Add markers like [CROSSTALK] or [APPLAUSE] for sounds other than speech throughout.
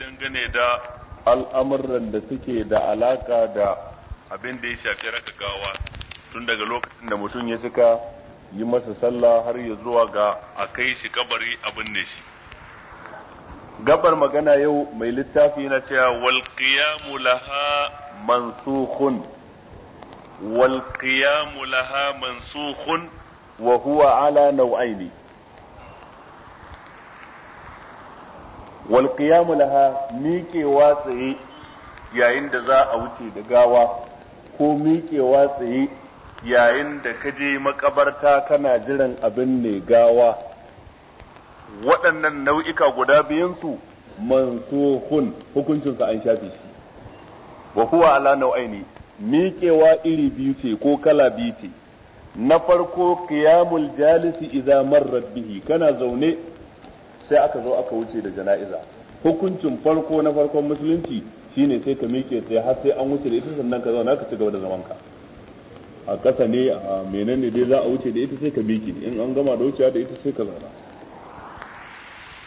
dangane da al'amuran da suke da alaka da abin da ya shafi raka gawa tun daga lokacin da mutum ya suka yi masa sallah har ya zuwa ga a kai shi kabari abin ne shi gabar magana yau mai littafi na cewa wal qiyamu laha mansukhun wal qiyamu laha mansukhun wa huwa ala nau'aini wal qiyamu laha miƙewa tsaye yayin da za a wuce da gawa ko miƙewa tsaye yayin da ka je makabarta kana jiran abin ne gawa waɗannan nau'ika guda biyansu mansuhun hukuncinsa an shafe shi wa huwa ala nau'aini miƙewa iri biyu ce ko kala biyu ce na farko qiyamul jalisi idza marrat bihi kana zaune sai aka zo aka wuce da jana'iza hukuncin farko na farkon musulunci shine sai ka miƙe sai har sai an wuce da ita sannan ka zauna ka ci gaba da zaman ka a ƙasa ne a menene dai za a wuce da ita sai ka miƙe in an gama da wucewa da ita sai ka zauna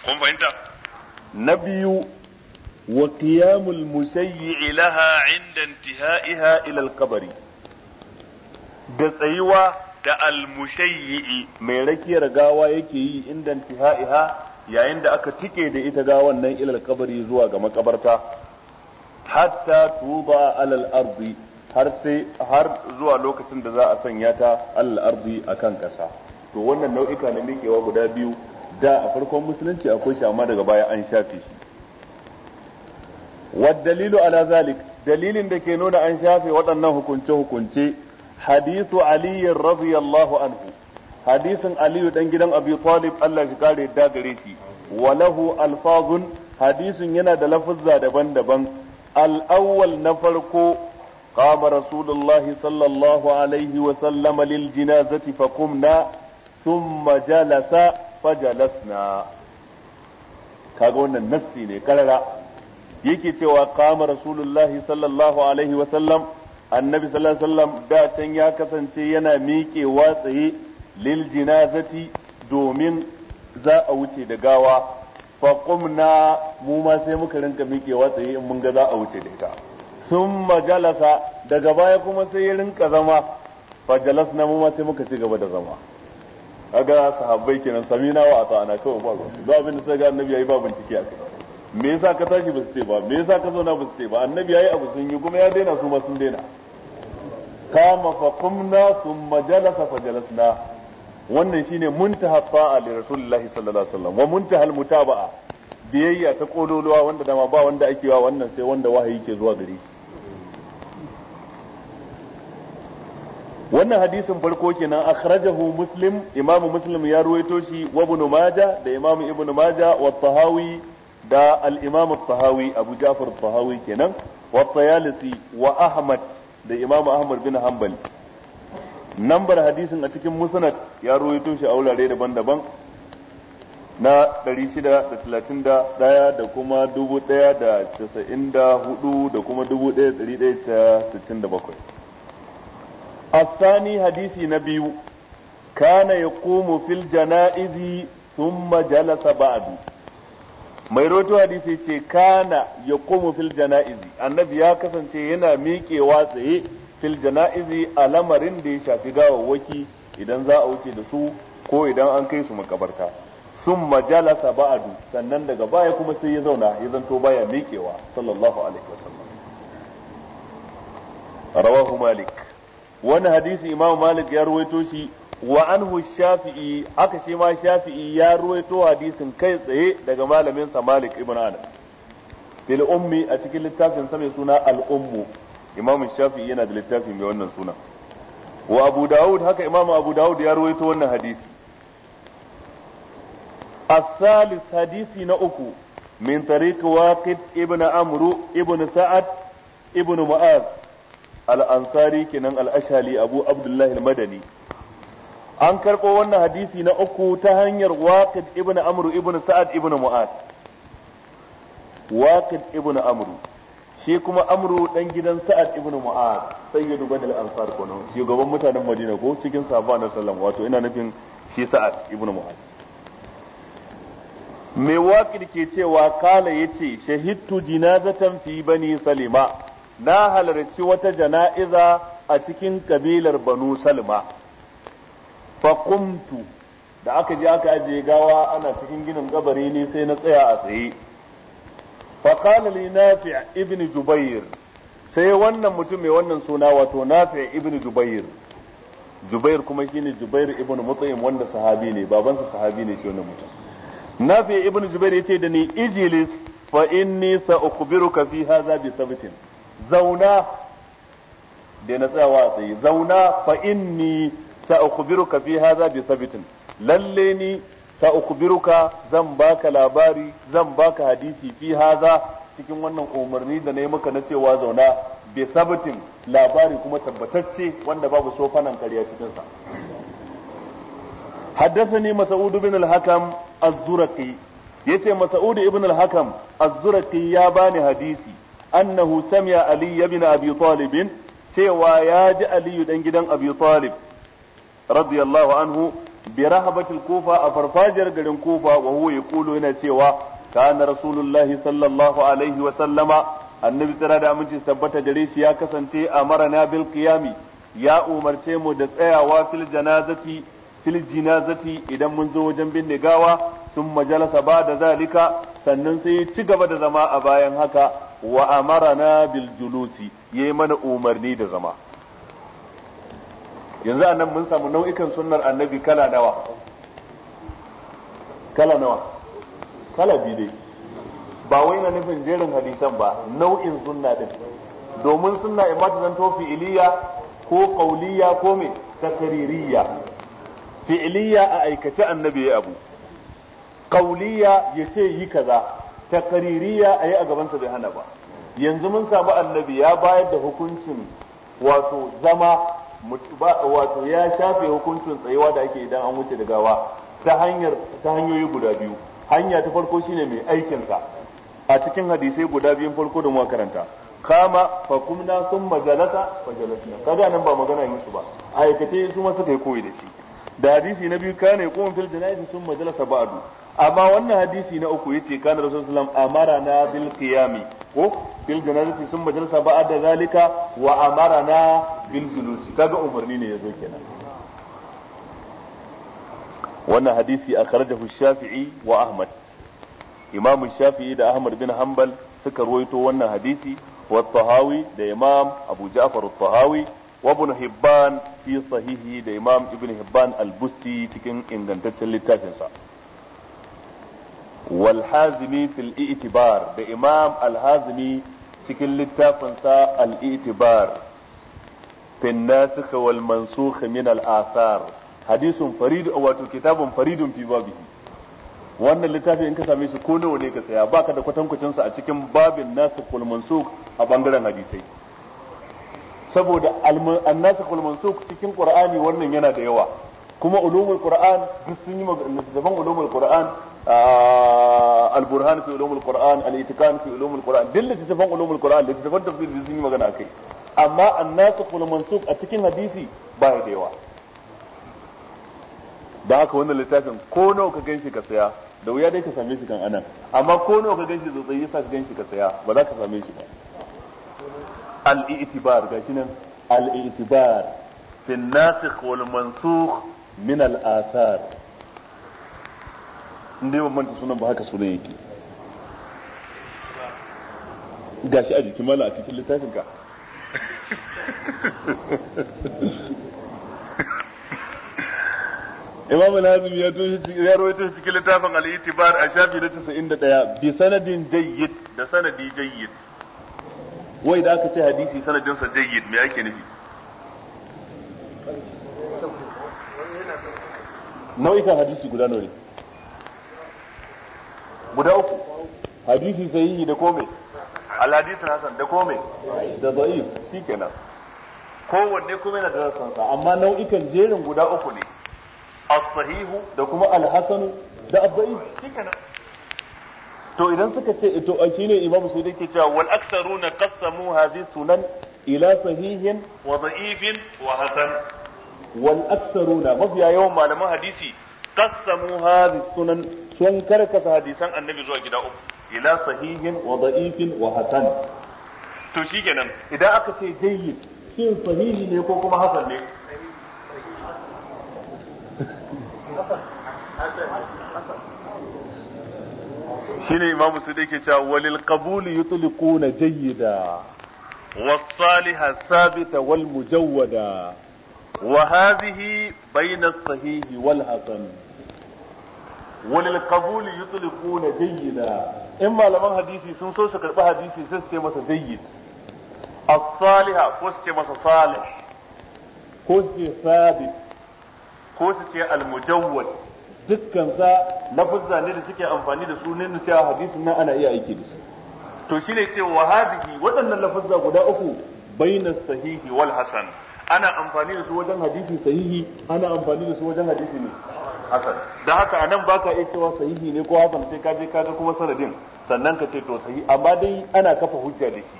kun fahimta na biyu wa qiyamul musayyi'i laha inda intihaiha ila al-qabri da tsayuwa da al musayyii mai rakiyar gawa yake yi inda intihaiha yayin da aka tike da ita ga wannan ilal kabari zuwa ga makabarta hatta tuba alal ardi har sai har zuwa lokacin da za a sanya ta alal ardi akan kasa to wannan nau'ika na mikewa guda biyu da a farkon musulunci akwai shi amma daga baya an shafe shi wa dalilu ala zalik dalilin da ke nuna an shafe waɗannan hukunce hukunce hadithu ali radiyallahu anhu hadisin aliyu dan gidan abi talib Allah shi kare da gare shi walahu alfazun hadisin yana da lafazza daban-daban na farko قام رسول الله صلى الله عليه وسلم للجنازة فقمنا ثم جلس فجلسنا kaga wannan nassi ne karara yake cewa kama rasulullahi sallallahu alaihi wasallam annabi sallallahu alaihi wasallam da can ya kasance yana miƙewa tsaye lil jinazati domin za a wuce da gawa fa qumna mu ma sai muka rinka miƙewa tsaye in mun ga za a wuce da ita sun majalasa daga baya kuma sai ya rinka zama fa jalasna mu ma sai muka ci gaba da zama aga sahabbai kenan samina wa ana kawai babu su ba abin da sai ga annabi yayi ba bincike a kai me yasa ka tashi ba su ce ba me yasa ka zauna ba su ce ba annabi yayi abu sun yi kuma ya daina su ma sun daina kama fa qumna thumma jalasa fa jalasna wannan shine muntaha fa'a li rasulillahi sallallahu alaihi wasallam wa muntahal mutaba'a biyayya ta kololuwa wanda dama ba wanda ake wa wannan sai wanda wahayi ke zuwa gare shi wannan hadisin farko kenan akhrajahu muslim imamu muslim ya ruwaito shi wa ibn majah da imamu ibn majah wa tahawi da al-imam tahawi abu ja'far tahawi kenan wa tayalisi wa ahmad da imamu ahmad bin Hambali. nambar hadisin a cikin musnad ya rawaito shi a wurare daban-daban na 631 da kuma 1094 da kuma 1167 kana ya نبي fil jana'izi sun majalasa ba a بعد mai roto hadisi ce kana ya komo fil jana'izi annabi ya kasance yana miƙewa tsaye fil janaizi a lamarin da ya shafi gawawwaki idan za a wuce da su ko idan an kai su makabarta sun majalasa ba'adu sannan daga baya kuma sai ya zauna ya zanto baya miƙewa sallallahu alaihi wasallam rawahu malik wani hadisi imam malik ya ruwaito shi wa anhu shafi'i haka shi ma shafi'i ya ruwaito hadisin kai tsaye daga malamin sa malik ibn anas fil ummi a cikin littafin sa mai suna al ummu imam shafi'i yana da littafi mai wannan suna wa abu dawud haka imam abu dawud ya ruwaito wannan hadisi الثالث حديثي نأكو من طريق واقد ابن أمرو ibn سعد al ansari kenan كنان الأشهلي أبو عبد الله madani an karɓo wannan hadisi na uku ta hanyar waqid ibn amru ibn sa'ad ibn mu'ad waqid ibn amru shi kuma amru dan gidan sa'ad ibnu mu'ad sayyidu bani al-ansar shugaban mutanen madina ko cikin sahaba na sallam wato ina nufin shi sa'ad ibnu mu'ad mai waƙir ke cewa kala yace shahidtu jinazatan fi bani salima na halarci wata jana'iza a cikin kabilar banu Salima. faqumtu da aka je aka ajiye gawa ana cikin ginin gabari ne sai na tsaya a tsaye فقال لي نافع ابن جبير sai wannan mutum mai wannan suna wato nafi ibn jubair jubair kuma shine jubair ibn mutsaim wanda sahabi ne babansa sahabi ne shi wannan mutum nafi ibn jubair yace da ni ijlis fa inni zauna da na tsayawa tsaye zauna ni sa ukhbiruka zan baka labari zan baka hadisi fi haza cikin wannan umarni da nayi maka na cewa zauna bi sabatin labari kuma tabbatacce wanda babu sofanan kariya cikin sa ibn al-hakam az الزرقي yace al-hakam az الزرقي ya bani hadisi annahu sami'a ali ibn abi talib cewa ya ji Aliyu dan gidan Abi Talib radiyallahu anhu bi rahabatil kufa a farfajiyar garin kufa wa huwa yaqulu yana cewa kana rasulullahi sallallahu alaihi wa sallama annabi tsira da aminci tabbata gare shi ya kasance a bil qiyami ya umarce mu da tsayawa fil janazati fil jinazati idan mun zo wajen binne gawa sun majalasa ba da zalika sannan sai ci gaba da zama a bayan haka wa amarana bil julusi yayi mana umarni da zama yanzu a nan mun samu nau'ikan sunnar annabi kala nawa kala nawa kala biyu dai ba wai na nufin jerin hadisan ba nau'in sunna din domin sunna imma ta zanto fi'iliya ko qauliya ko me fi'iliya a aikace annabi ya abu ya ce yi kaza a yi a gaban sa bai hana ba yanzu mun samu annabi ya bayar da hukuncin wato zama wato ya shafe hukuncin tsayewa da ake idan an wuce da gawa ta hanyar ta hanyoyi guda biyu hanya ta farko shine mai aikinsa a cikin hadisai guda biyun farko da muka karanta kama fa kumna sun jalasa fa jalasna kaga nan ba magana yin su ba aikace su ma suka yi koyi da shi da hadisi na biyu kana yaqum fil janazi sun jalasa ba'du amma wannan hadisi na uku yace kana rasulullahi amara na bil qiyami ko bil janazati sun majalisa ba da zalika wa amarana bil julusi kaga umarni ne yazo kenan wannan hadisi akhrajahu shafi'i wa ahmad imam shafi'i da ahmad bin hanbal suka ruwaito wannan hadisi wa tahawi da imam abu ja'far tahawi wa ibn hibban fi sahihi da imam ibn hibban al-busti cikin ingantaccen littafinsa wal hazimi fil i'tibar da imam al hazimi cikin littafin sa al i'tibar fil nasikh wal mansukh min al athar hadisun wato kitabun faridun fi babihi wannan littafin in ka same shi ko nawa ne ka saya baka da kwatankwacin sa a cikin babin nasikh wal mansukh a bangaren hadisai saboda annasikh wal mansukh cikin qur'ani wannan yana da yawa kuma ulumul qur'an duk sun yi daban ulumul qur'an al-burhan fi ulumul qur'an al-itikan fi ulumul qur'an duk littattafan ulumul qur'an littattafan tafsiri sun yi magana akai amma an-nasikh wal a cikin hadisi ba ya da yawa da haka wannan littafin ko nawa ka ganshi ka saya da wuya dai ka same shi kan anan amma ko nawa ka ganshi tsotsayi yasa ka ganshi ka saya ba za ka same shi ba al-i'tibar gashi nan al-i'tibar fi an-nasikh wal mansukh min al-athar ne yawan manta sunan ba haka sunan yake gashi a jikin mala a cikin littafin ka imamu lazim ya tushe rawaito cikin littafin al-itibar a shafi na 91 bi sanadin jayyid da sanadi jayyid wai da aka ce hadisi sanadin jayyid me ake nufi nau'ikan hadisi guda nawa ne guda uku hadisi sahihi da kome alhadisin hasan da kome da da'if shikenan kowanne kuma yana da rassansa amma nau'ikan jerin guda uku ne as-sahihu da kuma al-hasanu da ad-da'if shikenan to idan suka ce to shine imamu sai yake cewa wal aktharuna qassamu hadhihi sunan ila sahihin wa da'ifin wa hasan wal aktharuna mafiya yawan malaman hadisi qassamu hadhihi sunan sun karkata hadisan annabi zuwa gida uku ila sahihin wa da'ifin wa hasan to shikenan idan aka ce jayyid shin sahihi ne ko kuma hasan ne shine imamu su da ke cewa walil qabuli yutliquna jayyida والصالح الثابت والمجودة وهذه بين الصحيح والحسن walil qabuli na jayyida Yan malaman hadisi sun so su karɓi hadisi sai masa jayyid as-saliha ko su ce masa salih ko su sabit ko su ce al dukkan sa ne da suke amfani da su ne na cewa hadisin nan ana iya aiki da su to shine ce wa hadhihi waɗannan lafazza guda uku baina sahihi wal hasan ana amfani da su wajen hadisi sahihi ana amfani da su wajen hadisi ne hasan da haka anan baka iya cewa sahihi ne ko hasan sai ka je ka ga kuma sanadin sannan ka ce to sahi amma dai ana kafa hujja da shi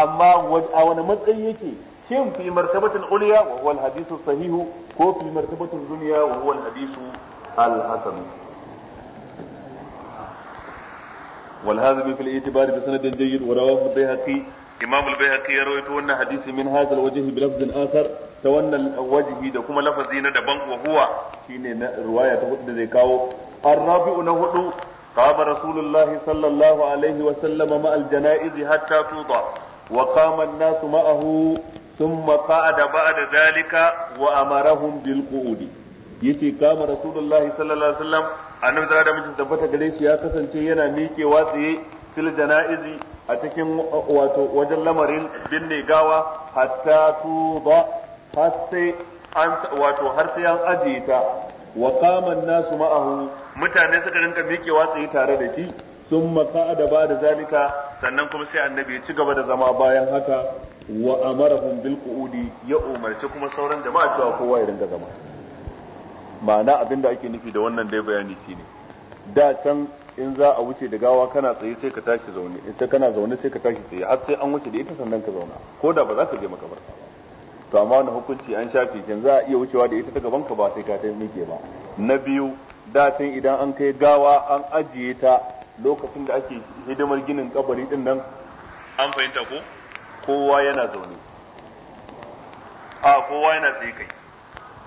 amma a wani matsayi yake shin fi martabatul ulya wa huwa alhadithu sahihu ko fi martabatul dunya wa huwa al-hadithu al-hasan والهذا في الاعتبار بسند جيد ورواه البيهقي إمام البيهقي يروي أن حديث من هذا الوجه بلفظ آخر ta wannan wajibi da kuma lafazi na daban wa huwa shine na riwaya ta hudu da zai kawo arrabi'u na hudu قام رسول الله صلى الله عليه وسلم مع الجنائز حتى توضع وقام الناس معه ثم قعد بعد ذلك وأمرهم بالقعود yace kama rasulullahi sallallahu alaihi wasallam annabi da da mutum tabbata gare ya kasance yana miƙewa tsaye fil janaizi a cikin wato wajen lamarin binne gawa hatta tuba har sai an wato har sai an ajiye ta wa qama nasu ma'ahu mutane suka rinka mikewa tsaye tare da shi sun da ba da zalika sannan kuma sai annabi ya ci gaba da zama bayan haka wa amarahum bil qu'udi ya umarci kuma sauran jama'a cewa kowa ya rinka zama ma'ana abinda ake nufi da wannan dai bayani shine da can in za a wuce da gawa kana tsaye sai ka tashi zaune in sai kana zaune sai ka tashi tsaye har sai an wuce da ita sannan ka zauna ko da ba za ka je makabarta ba to amma wannan hukunci an shafi kin za a iya wucewa da ita ta gaban ka ba sai ka ta ba na biyu da idan an kai gawa an ajiye ta lokacin da ake hidimar ginin kabari din nan an fahimta ko kowa yana zaune a kowa yana tsaye kai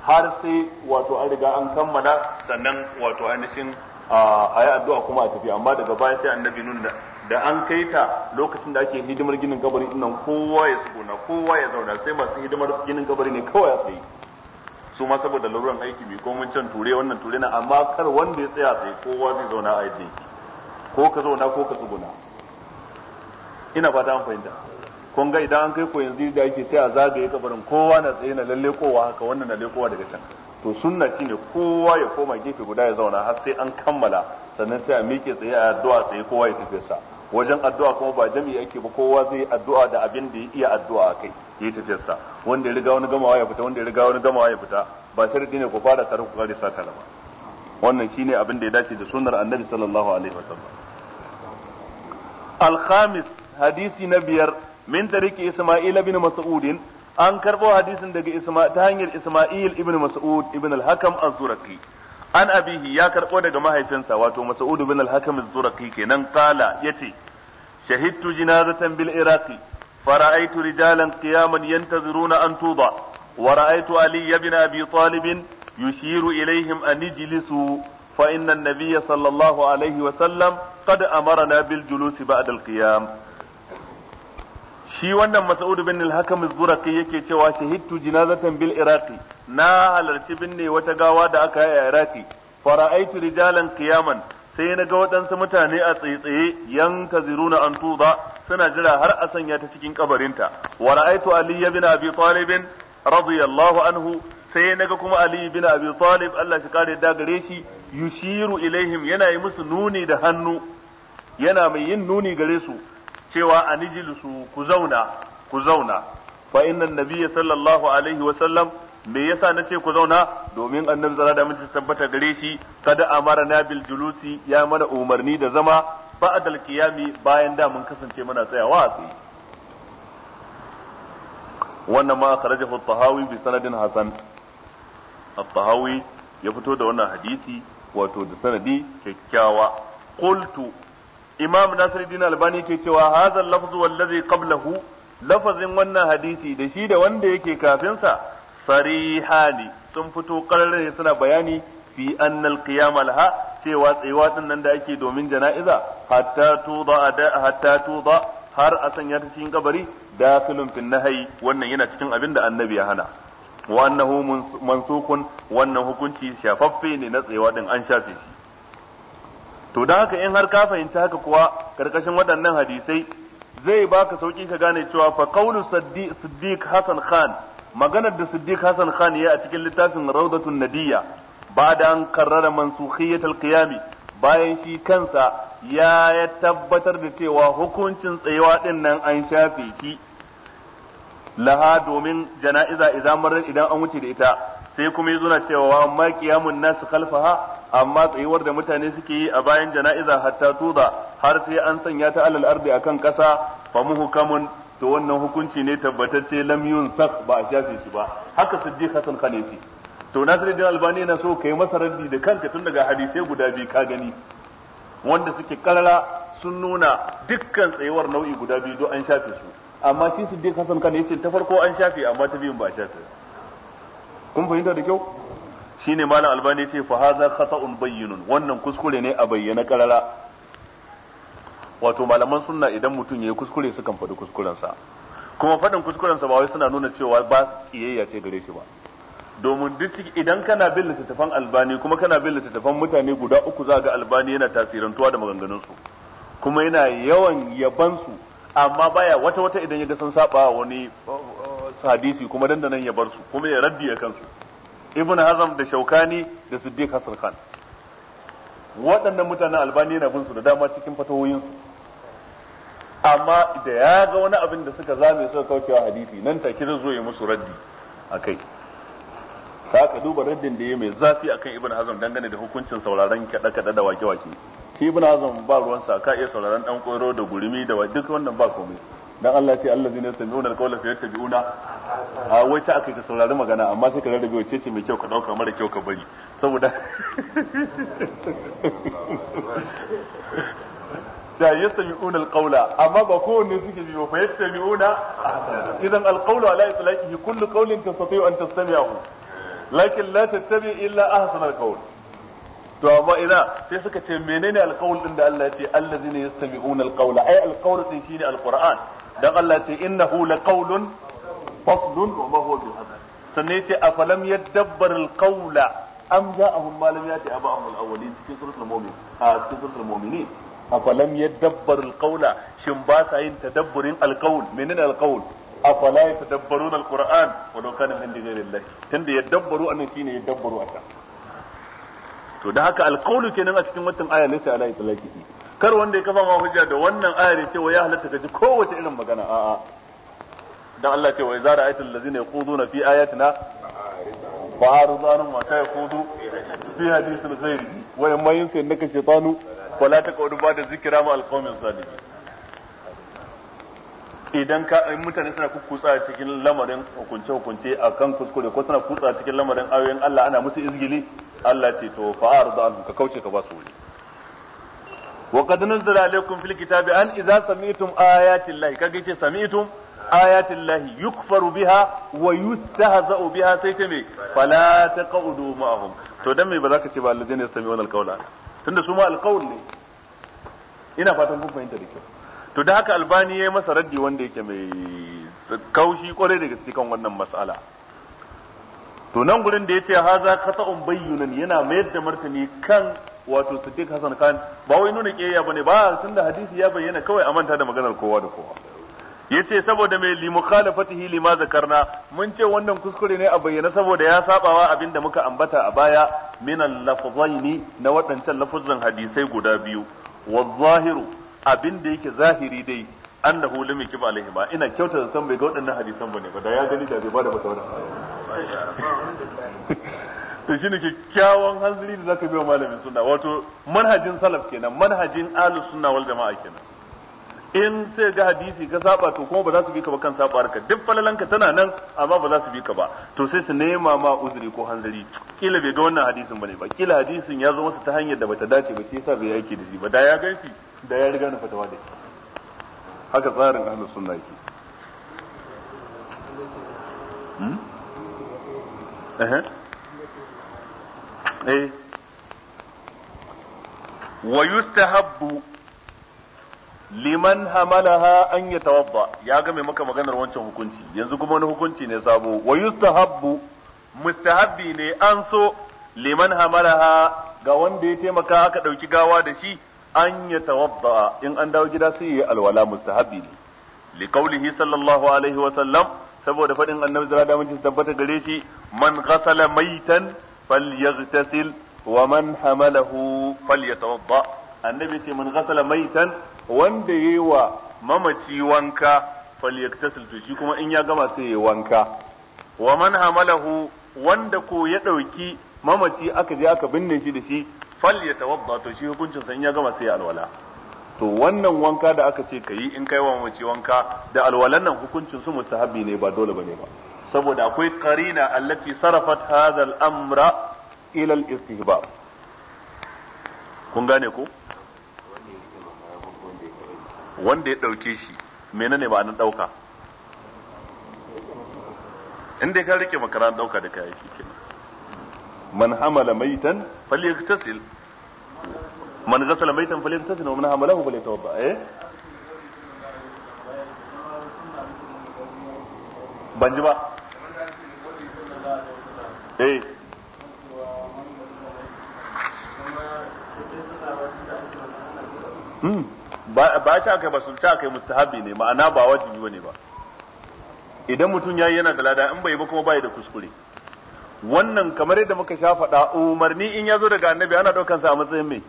har sai wato an riga an kammala sannan wato ainihin a yi addu'a kuma a tafi amma daga baya sai annabi nuna da an kai ta lokacin da ake hidimar ginin kabari nan kowa ya tsuguna kowa ya zauna sai masu hidimar ginin kabari ne kawai a tsaye su ma saboda laruran aiki mai komin can ture wannan ture na amma kar wanda ya tsaya tsaye kowa zai zauna a yadda ko ka zauna ko ka tsuguna ina fata an fahimta kun ga idan an kai ko yanzu da ake sai a zagaye kabarin kowa na tsaye na lalle kowa haka wannan na lekowa daga can to sunna shine kowa ya koma gefe guda ya zauna har sai an kammala sannan sai a miƙe tsaye a addu'a tsaye kowa ya tafi sa wajen addu'a kuma ba jami'i ake ba kowa zai addu'a da abin da ya iya addu'a akai yi sa wanda ya riga wani gamawa ya fita wanda ya riga wani gamawa ya fita ba sharadi ne ku fara tare ku kare sa tare ba wannan shine abin da ya dace da sunnar annabi sallallahu alaihi wasallam al-khamis hadisi na biyar min tariki isma'il ibn mas'ud an karbo hadisin daga isma ta hanyar isma'il ibn mas'ud ibn al-hakam az-zurqi an abihi ya karɓo daga mahaifinsa wato Mas'ud bin al-Hakam az-Zurqi kenan qala yace shahidtu jinazatan bil iraqi fara'aitu rijalan qiyaman yantaziruna an tuba wa ra'aytu Ali ibn Abi Talib yushiru ilaihim a ijlisu fa inna an-nabiyya sallallahu alayhi wa sallam qad amarna bil julusi ba'da al-qiyam shi wannan Mas'ud bin al-Hakam az-Zurqi yake cewa shahidtu jinazatan bil Iraqi na halarci binne wata gawa da aka yi a Iraqi fara'aitu rijalan qiyaman sai na ga waɗansu mutane a tsaye-tsaye yankaziruna an tuba suna jira har a sanya ta cikin kabarinta wa ra'aitu Ali ibn Abi Talib radiyallahu anhu sai na ga kuma Ali ibn Abi Talib Allah shi kare da gare shi yushiru ilaihim yana yi musu nuni da hannu yana mai yin nuni gare su cewa nijilisu ku zauna ku zauna fa innan nabiyyi sallallahu alaihi wa sallam me yasa ce ku zauna domin annabi zara da mun tabbata gare shi kada amara na bil julusi ya mana umarni da zama ba'dal qiyami bayan da mun kasance muna tsayawa a tsaye wannan ma kharaja fi tahawi bi sanadin hasan at-tahawi ya fito da wannan hadisi wato da sanadi kyakkyawa qultu imam nasiruddin albani ke cewa hadha lafzu wallazi qablahu lafazin wannan hadisi da shi da wanda yake kafin sa sarihani sun fito ne suna bayani fi annal qiyam alha cewa tsayuwa din nan da ake domin jana'iza hatta tuda hatta tuda har a sanya ta cikin kabari filin fil nahyi wannan yana cikin abin da annabi ya hana wa annahu mansukun wannan hukunci shafaffe ne na tsayuwa din an shafe shi to don haka in har ka fahimci haka kuwa karkashin waɗannan hadisai zai baka sauki ka gane cewa fa qawlu siddiq hasan khan maganar da siddiq hasan khan ya a cikin littafin rawdatun nadiyya bada an karrara mansukhiyyat alqiyami bayan shi kansa ya ya tabbatar da cewa hukuncin tsayawa din nan an shafe shi laha domin jana'iza idan idan an wuce da ita sai kuma yazo na cewa ma qiyamun nas khalfaha amma tsayuwar da mutane suke yi a bayan jana'iza hatta tuda har sai an sanya ta alal ardi akan kasa fa muhkamun to wannan hukunci ne tabbatacce lam sak ba a shafe shi ba haka siddiq hasan khanisi to nasiruddin albani yana so kai masa raddi da kanka tun daga hadisi guda biyu ka gani wanda suke karara sun nuna dukkan tsayuwar nau'i guda biyu do an shafe su amma shi siddiq hasan khanisi ta farko an shafe amma ta biyun ba a shafe kun fahimta da kyau shine malam albani ce fa hadha khata'un bayyinun wannan kuskure ne a bayyana karara wato malaman sunna idan mutum yayi kuskure sukan faɗi sa kuma faɗin sa ba wai suna nuna cewa ba kiyayya ce gare shi ba domin duk idan kana bin littattafan albani kuma kana bin littattafan mutane guda uku za ga albani yana tasirantuwa da maganganunsu kuma yana yawan su amma baya wata wata idan ya ga san saba wani uh, uh, hadisi kuma dandanan ya bar su kuma ya raddi ya kansu ibn hazm da shaukani da siddiq hasan khan waɗannan mutanen albani yana bin su da dama cikin fatawoyinsu amma da ya ga wani abin da suka zame suka kaucewa hadisi nan take zai zo ya musu raddi akai ka ka duba raddin da yayi mai zafi akan ibn hazm dangane da hukuncin sauraron kada kada da wake wake shi ibn hazm ba ruwansa ka iya sauraron dan koyro da gurumi da duk wannan ba komai dan Allah sai Allah zai sami'una alqawla fa yattabi'una a wace aka ka saurari magana amma sai ka rarrabe wace ce mai kyau ka dauka mara kyau ka bari saboda [LAUGHS] yi da yastami'una alqawla amma ba kowanne suke biyu bi ta yattabi'una idan alqawlu ala itlaqihi kullu qawlin tastati'u an ta sami tastami'ahu lakin la ta tattabi illa ahsana alqawl to amma ina sai suka ce menene alqawl din da Allah ya ce Allah allazina yastami'una alqawla ai alqawl din ne alquran dan Allah ce innahu laqawlun faslun wa ma huwa bil hazan sannan yace afalam yadabbar al qawla am ja'ahum ma lam yati aba'ahum al awwalin cikin suratul mu'min a cikin suratul mu'minin afalam yadabbar al qawla shin ba sa yin tadabburin al qawl menene al qawl afala yatadabbaruna al qur'an wa law kana min ghayrillah tunda yadabbaru annan shine yadabbaru a to da haka al qawlu kenan a cikin wannan aya laysa ala itlaqihi kar wanda ya kafa ma hujja da wannan ayar ya ce wa ya halatta kaji ji kowace irin magana a'a dan Allah ce wa idza ra'aytal ladzina yaquduna fi ayatina fa'aridu anhum wa ta yaqudu fi hadithil ghairi wa yamma yunsa innaka shaytanu fala taqudu ba'da zikra ma alqawmin zalimin idan ka mutane suna kukutsa cikin lamarin hukunce hukunce akan kuskure ko suna kutsa cikin lamarin ayoyin Allah ana musu izgili Allah ce to fa'aridu anhum ka kauce ka ba su wuri wa qad nuzila alaykum fil kitabi an idza sami'tum ayati llahi kaga yace sami'tum ayati llahi yukfaru biha wa yustahza'u biha sai ce me fala taqudu ma'ahum to dan me ba za ka ce ba alladhina yastami'una alqawla tunda su ma alqawl ne ina fatan kun fahimta da kyau to da haka albani yayi masa raddi wanda yake mai kaushi kwarai daga cikin wannan mas'ala to nan gurin da yace haza khata'un bayyunan yana mayar da martani kan wato Siddiq Hassan Khan ba wai nuna kiyayya bane ba tunda hadisi ya bayyana kawai a manta da maganar kowa da kowa yace saboda mai li mukhalafatihi lima zakarna mun ce wannan kuskure ne a bayyana saboda ya sabawa abinda muka ambata a baya min al-lafzaini na waɗancan lafuzan hadisai guda biyu wadh-zahiru abinda yake zahiri dai annahu lam yakib alaihi ba ina kyauta san bai ga waɗannan hadisan bane ba da ya gani da bai bada to shine kyakkyawan hanzari da zaka wa malamin sunna wato manhajin salaf kenan manhajin ahlus sunna wal jama'a kenan in sai ga hadisi ka saba to kuma ba za su bi ka ba kan sabar ka duk falalanka tana nan amma ba za su bi ka ba to sai su nema ma uzuri ko hanzari kila bai ga wannan hadisin bane ba kila hadisin ya zo masa ta hanyar da bata dace ba sai yasa bai yake da shi ba da ya ganshi da ya riga na fatawa da haka tsarin ahlus sunna yake uh eh wa yustahabbu liman hamalaha an yatawadda ya ga mai maka maganar wancan hukunci yanzu kuma wani hukunci ne sabo wa yustahabbu mustahabbi ne an so liman hamalaha ga wanda ya taimaka aka dauki gawa da shi an yatawadda in an dawo gida sai yayi alwala mustahabbi ne li qawlihi sallallahu alaihi wa sallam saboda fadin annabi zara da mun tabbata gare shi man ghasala maitan فليغتسل ومن حمله فليتوضا النبي ce من غسل ميتا wanda yayi wa mamaci wanka falyaktasil to shi kuma in ya gama sai yayi wanka wa man hamalahu wanda ko ya dauki mamaci aka je aka binne shi da shi falyatawadda to shi hukuncin sa in ya gama sai ya alwala to wannan wanka da aka ce kayi in kai wa mamaci wanka da alwalan nan hukuncin su mustahabi ne ba dole bane ba saboda akwai qarina allati sarafat hadha al-amra ila al-istihbab kun gane ko wanda ya dauke shi menene ma'anar dauka inda ka rike makaran dauka da kai shi kenan man hamala maitan falyaghtasil man ghasala maitan falyaghtasil wa man hamalahu falyatawabba eh ban ji ba Eh. Hmm. ba ta kai ba sulta kai mustahabi ne ma'ana ba wajibi ne ba idan mutum yayi yana da lada in bai ba kuma bai da kuskure wannan kamar yadda muka sha faɗa umarni in ya zo daga annabi ana daukan sa a matsayin mai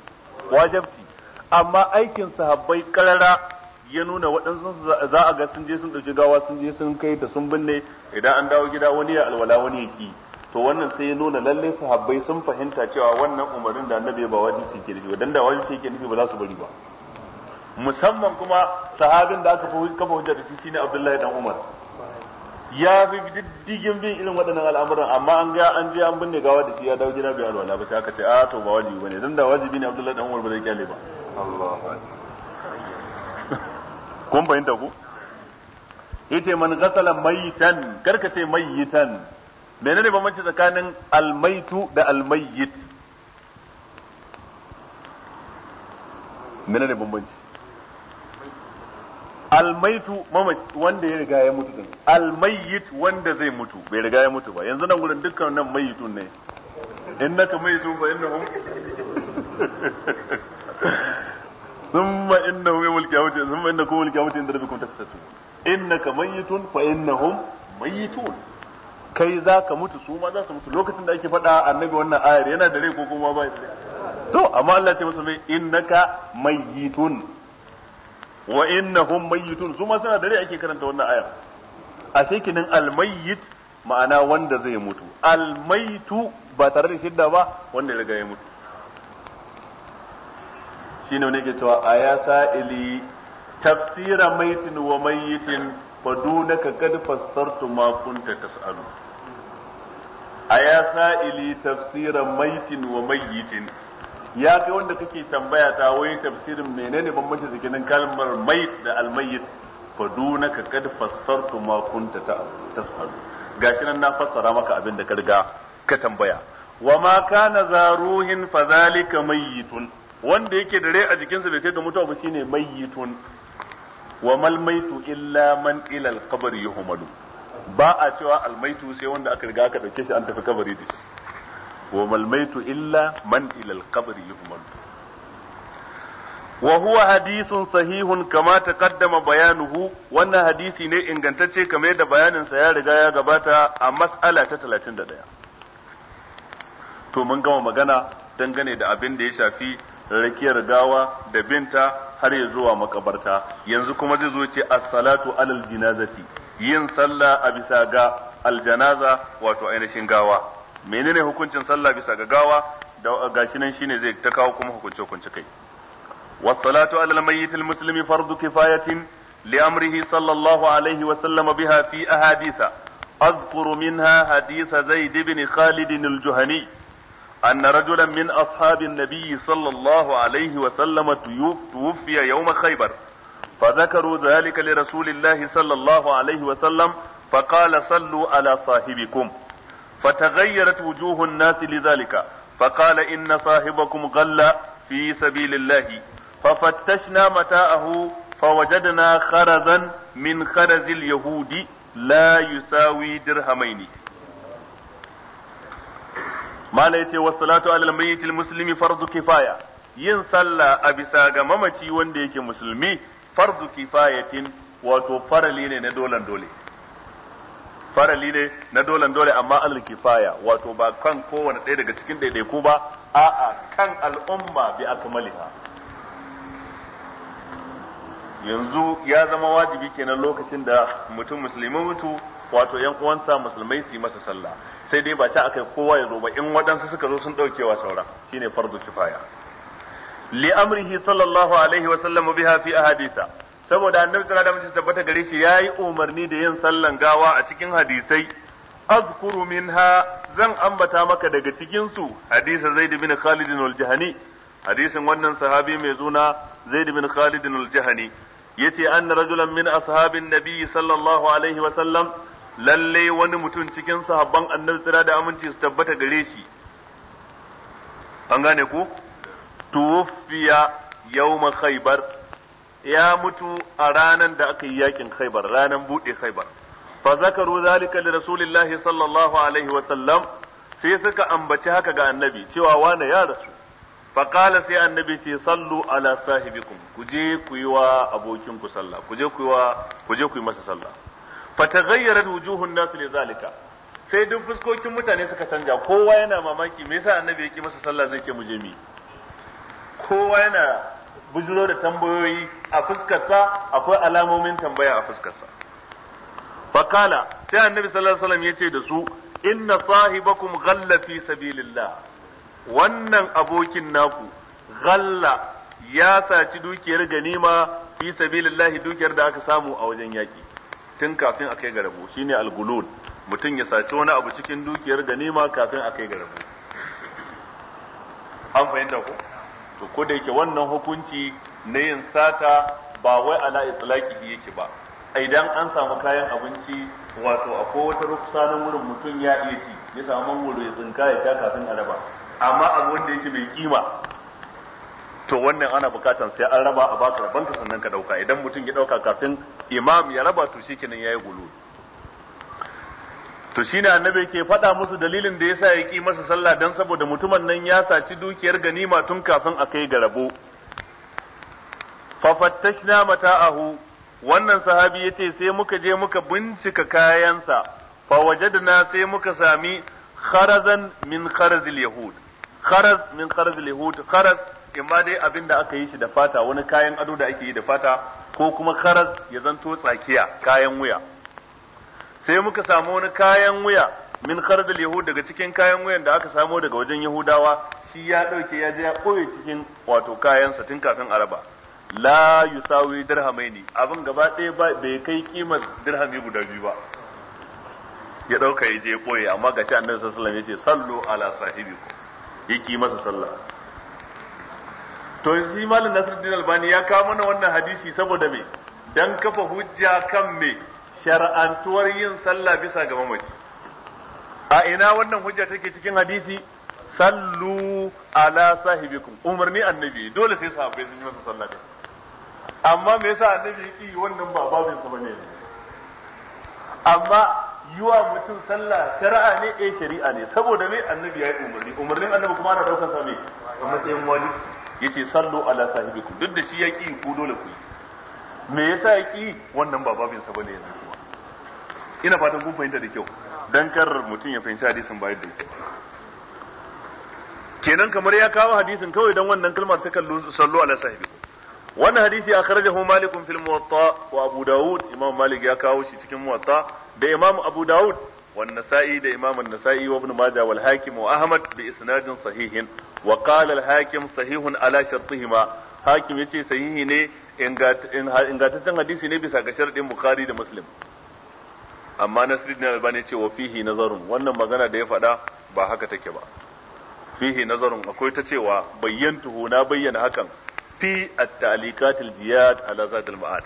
wajabci amma aikin sahabbai karara ya nuna waɗansu za a ga sun je sun ɗauki gawa sun je sun kai ta sun binne idan an dawo gida wani ya alwala wani ya ki to wannan sai ya nuna lallai sahabbai sun fahimta cewa wannan umarnin da annabi ba wajibi ke nufi dan da wajibi ke nufi ba za su bari ba musamman kuma sahabin da aka kafa hujja da shi shine Abdullahi dan Umar ya fi diddigin bin irin waɗannan al'amuran amma an ga an je an binne gawa da shi ya dawo gida bai alwala ba sai aka ce a ah, to ba wajibi bane dan da wajibi ne Abdullahi dan Umar ba zai kyale ba Allahu kun fahimta ku yace man ghasala mayitan karka mayitan menene bambanci tsakanin almaitu da almayyit menene bambanci almaitu mamaci wanda ya riga ya mutu din almayyit wanda zai mutu bai riga ya mutu ba yanzu nan gurin dukkan nan mayitun ne innaka mayyitun fa innahum [LAUGHS] thumma innahum yawmal qiyamati thumma innakum yawmal qiyamati inda rabbukum taktasun innaka mayitun fa innahum mayitun kai za ka mutu su ma za su mutu lokacin da ake faɗa annabi wannan ayar yana da rai ko kuma ba da to amma Allah ya ce masa mai innaka mayyitun wa innahum mayyitun su ma suna da rai ake karanta wannan ayar a sai almayyit ma'ana wanda zai mutu almaitu ba tare da shidda ba wanda ya riga ya mutu shine wani ke cewa aya sa'ili tafsira maitin wa mayyitin dunaka kad fassartu ma kunta tas'alu a ya sa'ili tafsiran maitin wa mayyitin ya kai wanda kake tambaya ta wai tafsirin menene bambanci ginin kalmar mayit da almayyit ka kad fassartu ma kunta tas'alu gashi nan na fassara maka abin da ka riga ka tambaya wa ma kana zaruhin fadhalika mayitun wanda yake da rai a jikinsa bai kai ga mutuwa ba shine mayitun wa mal maitu illa man ila al-qabr yuhmalu ba a cewa almaitu sai wanda aka riga aka dauke shi an tafi kabari da shi wa malmaitu illa man ila alqabri yuhmal wa huwa hadithun sahihun kama taqaddama bayanuhu wannan hadisi ne ingantacce kamar da bayanin sa ya riga ya gabata a mas'ala ta 31 to mun gama magana dangane da abin da ya shafi rakiyar gawa da binta har ya zuwa makabarta yanzu kuma zai zo ce as-salatu alal jinazati yin sallah a bisa ga aljanaza wato ainihin gawa menene hukuncin sallah bisa ga gawa da gashi nan shine zai ta kawo kuma hukunce hukunce kai wassalatu ala almayyit almuslimi fardu kifayatin liamrihi sallallahu alaihi wa sallama biha fi ahaditha اذكر منها حديث زيد بن خالد الجهني أن رجلا من أصحاب النبي صلى الله عليه وسلم توفي يوم خيبر فذكروا ذلك لرسول الله صلى الله عليه وسلم فقال صلوا على صاحبكم فتغيرت وجوه الناس لذلك فقال إن صاحبكم غل في سبيل الله ففتشنا متاءه فوجدنا خرزا من خرز اليهود لا يساوي درهمين ما ليتي والصلاة على الميت المسلم فرض كفاية yin sallah a bisa ga mamaci wanda yake musulmi fardu kifayatin wato farali ne na dolan dole farali ne na dolan dole amma alal kifaya wato ba kan kowane ɗaya daga cikin ɗaiɗaiku ba a'a kan al'umma bi akmaliha yanzu ya zama wajibi kenan lokacin da mutum musulmi mutu wato yan uwansa musulmai su yi masa sallah sai dai ba ta akai kowa ya zo ba in waɗansu suka zo sun ɗaukewa sauran shine fardu kifaya li amrihi sallallahu alaihi wa sallam biha fi ahadisa saboda annabi sallallahu alaihi wasallam tabbata gare shi yayi umarni da yin sallan gawa a cikin hadisai azkuru minha zan ambata maka daga cikin su hadisa zaid bin khalid al-jahani hadisin wannan sahabi mai zuna zaid bin khalid al-jahani yace anna rajulan min ashabin nabi sallallahu alaihi wa sallam lalle wani mutum cikin sahabban annabi tsira da aminci su tabbata gare shi an gane ku tuwfiya yawma khaybar ya mutu a ranan da aka yi yakin khaybar ranan bude khaybar fa zakaru zalika li sallallahu alaihi wa sallam sai suka ambaci haka ga annabi cewa wane ya rasu faƙala sai annabi ce sallu ala sahibikum ku je ku yi wa abokinku ku je ku yi masa sallah fa taghayyara wujuhun nasu li zalika sai duk fuskokin mutane suka canza kowa yana mamaki me yasa annabi yake masa sallah zai ce mu je kowa yana bujiro da tambayoyi a fuskarsa akwai alamomin tambaya a fuskarsa fakala sai annabi sallallahu alaihi wasallam yace da su inna sahibakum ghalla fi sabilillah wannan abokin naku ghalla ya saci dukiyar ganima fi sabilillah dukiyar da aka samu a wajen yaki tun kafin akai ga rabo shine algulul mutum ya saci wani abu cikin dukiyar ganima kafin akai ga rabo an fahimta ko to ko da yake wannan hukunci na yin sata ba wai ala itlaqi yake ba idan an samu kayan abinci wato a ko wata ruksa na wurin mutum ya iya ci ya samu mangoro ya tsinka ya ta kafin a raba. amma abu wanda yake mai kima to wannan ana bukatan sai an raba a baka rabanka sannan ka dauka idan mutum ya dauka kafin imam ya raba to shikenan yayi gulu to shine annabi ke faɗa musu dalilin da yasa ya ki masa sallah dan saboda mutumin nan ya saci dukiyar ganima tun kafin a kai ga rabo fafattashna mata'ahu wannan sahabi yace sai muka je muka bincika kayansa fa wajadna sai muka sami kharazan min kharazil yahud kharaz min kharazil yahud kharaz imma dai abinda aka yi shi da fata wani kayan ado da ake yi da fata ko kuma kharaz ya zanto tsakiya kayan wuya sai muka samu wani kayan wuya min khardal yahud daga cikin kayan wuyan da aka samo daga wajen yahudawa shi ya dauke ya je ya koye cikin wato kayan sa tun kafin araba la yusawi dirhamaini abin gaba ɗaya bai kai kimar dirhami guda biyu ba ya dauka ya je ya koye amma gashi annabi sallallahu alaihi wasallam yace sallu ala ya ki masa sallah to shi malam nasruddin Albani ya kawo mana wannan hadisi saboda me dan kafa hujja kan me shar'antuwar yin sallah bisa ga mamaci a ina wannan hujja take cikin hadisi sallu ala sahibikum umarni annabi dole sai sahabbai sun yi masa sallah ne amma me yasa annabi yake yi wannan ba babin sa bane amma yiwa mutum sallah shari'a ne eh shari'a ne saboda me annabi ya yi umarni umarnin annabi kuma ana daukar sa ne a matsayin wani yace sallu ala sahibikum duk da shi ya ki ku dole ku yi me yasa ya ki wannan ba babin sa bane yanzu ina fatan kun fahimta da kyau dan kar mutum ya fahimci hadisin ba da kenan kamar ya kawo hadisin kawai dan wannan kalmar ta kallu sallu ala sahibi wannan hadisi kharajahu malik fil muwatta wa abu daud imam malik ya kawo shi cikin muwatta da imam abu daud wan nasa'i da imam an-nasa'i wa ibn majah wal hakim wa ahmad bi isnadin sahihin wa qala al hakim sahihun ala shartihima hakim yace sahihi ne ingantaccen hadisi ne bisa ga sharɗin bukhari da muslim amma Nasiruddin Albani ce wa fihi nazarun wannan magana da ya faɗa ba haka take ba fihi nazarun akwai ta cewa bayyantuhu na bayyana hakan fi at talikatul jiyad ala zadil ma'at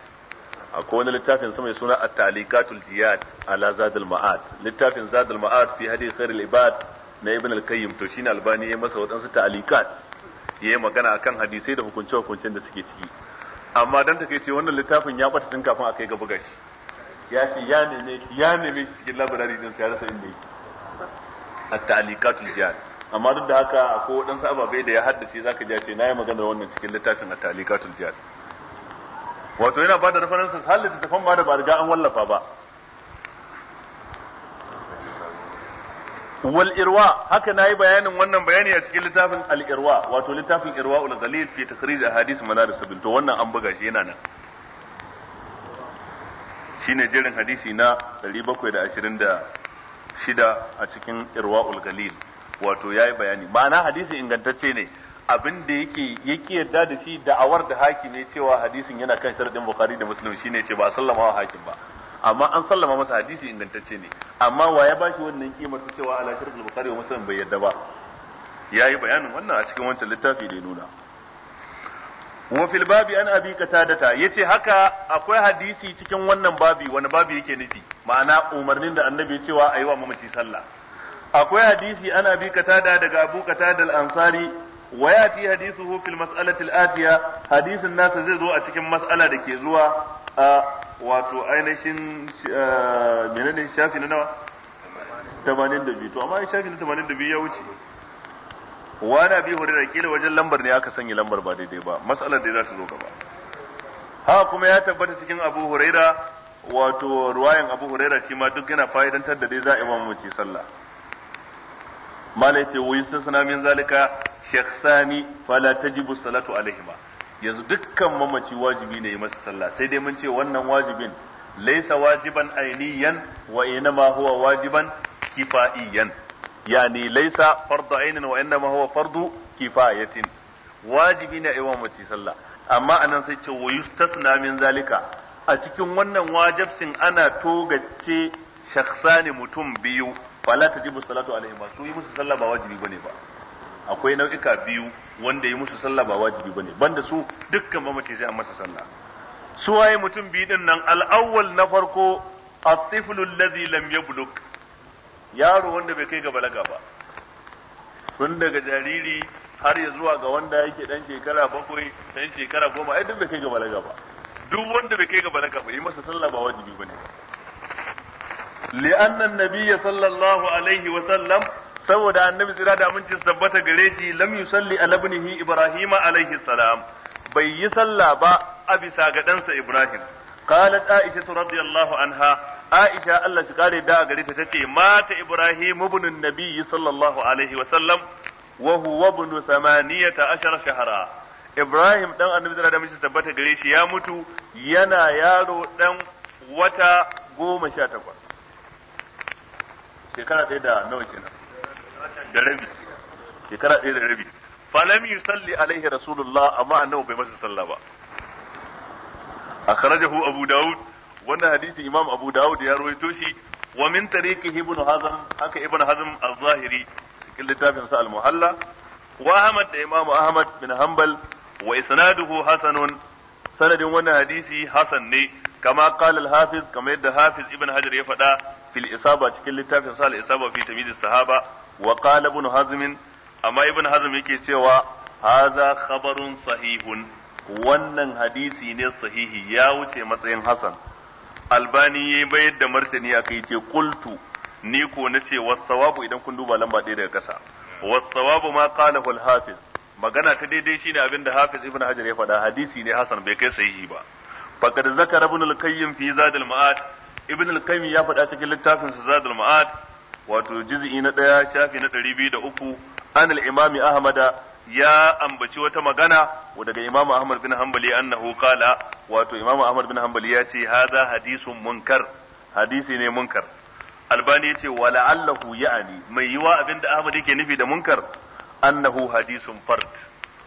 akwai wani littafin sa mai suna at talikatul jiyad ala zadil ma'at littafin zadil ma'at fi hadith al ibad na ibn al-qayyim to shine albani ya masa wadansu ta'liqat yayi magana akan hadisai da hukunce hukuncen da suke ciki amma dan take ce wannan littafin ya bata tun kafin a kai ga buga shi ya ce ya neme shi ya neme shi cikin labirari din sa ya rasa inda yake at-ta'liqatul jihad amma duk da haka akwai waɗansu ababe da ya haddace zaka ji ce nayi magana wannan cikin littafin at-ta'liqatul jihad wato yana bada references har littafin ma da ba riga an wallafa ba wal irwa haka nayi bayanin wannan bayani a cikin littafin al irwa wato littafin irwa ul ghalil fi takhrij ahadith madaris to wannan an buga shi yana nan Shi ne jerin hadisi na 726 a cikin irwa'ul galil wato ya yi bayani ma'ana hadisi ingantacce ne abin da yake yake yadda da shi da'awar da haki ne cewa hadisin yana kan sharadin bukhari da muslim ne ce ba sallama wa hakin ba amma an sallama masa hadisi ingantacce ne amma wa ya bashi wannan kimar cewa ala sharadin bukhari wa muslim bai yadda ba yayi bayanin wannan a cikin wancan littafi da ya nuna wa fil babi an abi qatadata yace haka akwai hadisi cikin wannan babi wani babi yake nufi ma'ana umarnin da annabi ya cewa ayi wa mamaci sallah akwai hadisi an abi qatada daga abu qatada al-ansari wa yati hadithuhu fil mas'alati al-atiya hadisin nasa zai zo a cikin mas'ala da ke zuwa a wato ainihin menene shafi na nawa 82 to amma shafi na 82 ya wuce wa na bi da kila wajen lambar ne aka sanya lambar ba daidai ba matsalar da za ta zo gaba ha kuma ya tabbata cikin abu huraira wato ruwayan abu huraira shi ma duk yana fa'idantar da dai za a imamu mace sallah malai ce sun yustasna min zalika sani fala tajibu salatu alaihima yanzu dukkan mamaci wajibi ne yi masa sallah sai dai mun ce wannan wajibin laisa wajiban ainiyan wa inama huwa wajiban kifaiyan yani laisa fardu ainin wa innama huwa fardu kifayatin wajibi na aiwa mace sallah amma anan sai ce wa yustasna min zalika a cikin wannan wajibcin ana toga ce shakhsani mutum biyu fala tajibu salatu alaihi ba su yi musu sallah ba wajibi bane ba akwai nau'ika biyu wanda yi musu sallah ba wajibi bane banda su dukkan mamaci sai a masa sallah su waye mutum biyu din nan al-awwal na farko at-tiflu alladhi lam yablugh yaro wanda bai kai ga balaga ba tun daga jariri har ya zuwa ga wanda yake dan shekara bakwai dan shekara goma ai duk bai kai ga balaga ba duk wanda bai kai ga balaga ba yi masa sallah ba wajibi bane li'anna an-nabiyya sallallahu alaihi wa sallam saboda annabi tsira da amincin tabbata gare shi lam yusalli ala ibnihi ibrahima alaihi salam bai yi sallah ba a bisa ga ɗansa ibrahim قالت Aisha رضي Aisha عنها عائشة الله شكاري دا غريتة تتي مات إبراهيم ابن النبي صلى الله عليه وسلم وهو ابن ثمانية عشر شهرا Ibrahim ɗan annabi zira da mishi tabbata gare shi ya mutu yana yaro ɗan wata goma sha takwas. Shekara ɗaya da nawa kenan? Da da rabi. Falam yusalli alaihi Rasulullah amma nawa bai masa sallah ba. akhrajahu abu daud wannan hadisi imam abu daud ya rawaito shi wa min tariqihi ibn hazm haka ibn hazm az-zahiri cikin littafin sa al-muhalla ahmad da imam ahmad bin hanbal wa isnaduhu hasanun sanadin wannan hadisi Hassan ne kama qala hafiz kama yadda hafiz Ibin hajar ya faɗa fil isaba cikin littafin sa al-isaba fi tamyiz wa qala ibn hazm amma ibn hazm yake cewa hadha khabarun sahihun wannan hadisi ne sahihi ya wuce matsayin hasan albani ya bayar da martani a kai ce kultu. ni ko ce wasawabu idan kun duba lamba ɗaya daga ƙasa wasawabu ma qalahu hafiz magana ta daidai shine abin da hafiz ibn hajar ya faɗa hadisi ne hasan bai kai sahihi ba faqad zakara ibn al-qayyim fi zad maad ibn al-qayyim ya faɗa cikin littafin sa zad maad wato juz'i na ɗaya shafi na ɗari biyu da uku an al-imami ahmada ya ambaci wata magana daga Imam Ahmad bin Hanbali annahu qala wato Imam Ahmad bin Hanbali ya ce hadha hadisun munkar hadisi ne munkar Albani ya ce wa la'allahu ya'ani mai yiwa abinda Ahmad yake nufi da munkar annahu hadisun fard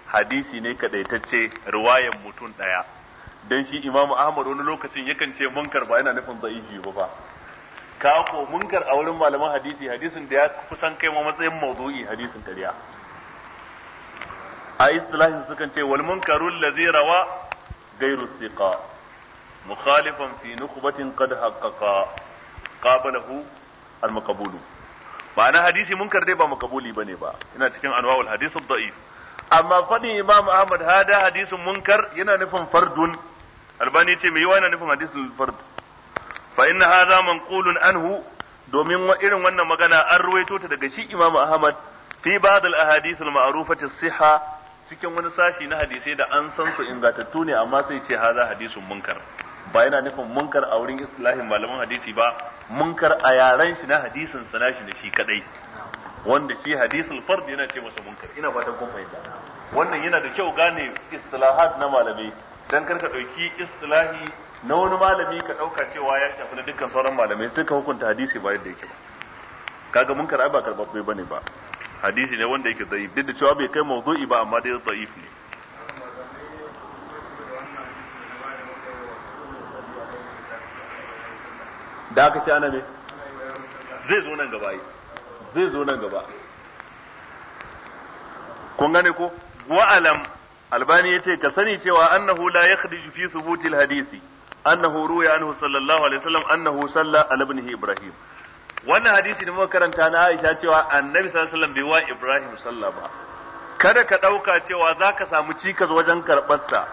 hadisi ne kadaitacce riwayan mutum daya dan shi Imam Ahmad wani lokacin yakan ce munkar ba yana nufin da'ifi ba ba ka ko munkar a wurin malaman hadisi hadisin da ya kusan kai ma matsayin mawdu'i hadisin ƙarya a istilahin sukan ce wal munkarul ladzi rawa ghairu thiqa mukhalifan fi nukhbatin qad haqqaqa qabalahu al maqbulu ba na hadisi munkar dai ba maqbuli bane ba ina cikin anwa'ul hadith da'if amma fadin imam ahmad hada hadisin munkar yana nufin fardun albani ce mai yiwa yana nufin hadisin fard fa inna hadha manqulun anhu domin irin wannan magana an ruwaito ta daga shi Imam Ahmad fi ba'd al ahadith al ma'rufati as-siha cikin wani sashi na hadisai da an san su ingantattu ne amma sai ce haza hadisun munkar ba yana nufin munkar a wurin islahin malaman hadisi ba munkar a yaren shi na hadisin sana shi da shi kadai wanda shi hadisul fard yana ce masa munkar ina fatan kun fahimta wannan yana da kyau gane istilahat na malamai dan karka dauki istilahi na wani malami ka dauka cewa ya shafi na dukkan sauran malamai sai ka hukunta hadisi ba yadda yake ba kaga munkar ai ba karbabbe bane ba hadisi ne wanda yake da'if duk da cewa bai kai mawdu'i ba amma dai da'if ne da aka ce ana me zai zo nan gaba zai zo nan gaba kun gane ko wa'alam albani ya ce ka sani cewa annahu la yakhrij fi thubutil hadisi annahu ya anhu sallallahu alaihi wasallam annahu salla ala ibnihi ibrahim wannan hadisi da muka karanta na Aisha cewa annabi sallallahu alaihi wasallam bai wa Ibrahim sallah ba kada ka dauka cewa zaka samu cikas wajen sa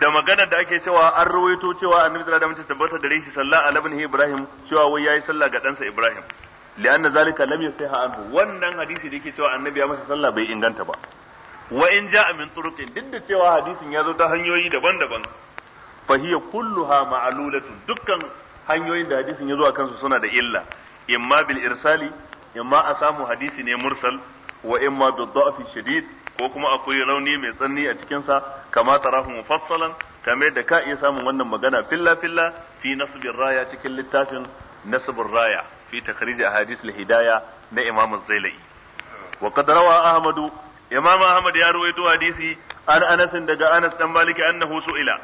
da magana da ake cewa an ruwaito cewa annabi sallallahu alaihi wasallam tabbata da rishi sallallahu alaihi wasallam Ibrahim cewa wai yayi sallah ga sa Ibrahim lianna zalika lam yasiha anhu wannan hadisi da yake cewa annabi ya masa sallah bai inganta ba wa in ja'a min turuqin duk da cewa hadisin ya zo ta hanyoyi daban-daban fa hiya kulluha ma'lulatun dukkan hanyoyin da hadisin ya zo akan su suna da illa imma bil irsali imma a samu hadisi ne mursal wa imma bi dha'fi shadid ko kuma akwai rauni mai tsanni a cikin sa kama mu mufassalan kamar da ka iya samun wannan magana filla filla fi nasbir raya cikin littafin nasbir raya fi takhrij ahadith al hidayah na imam az-zailai wa ahmadu imam ahmad ya ruwaito hadisi an anas daga anas dan maliki annahu su'ila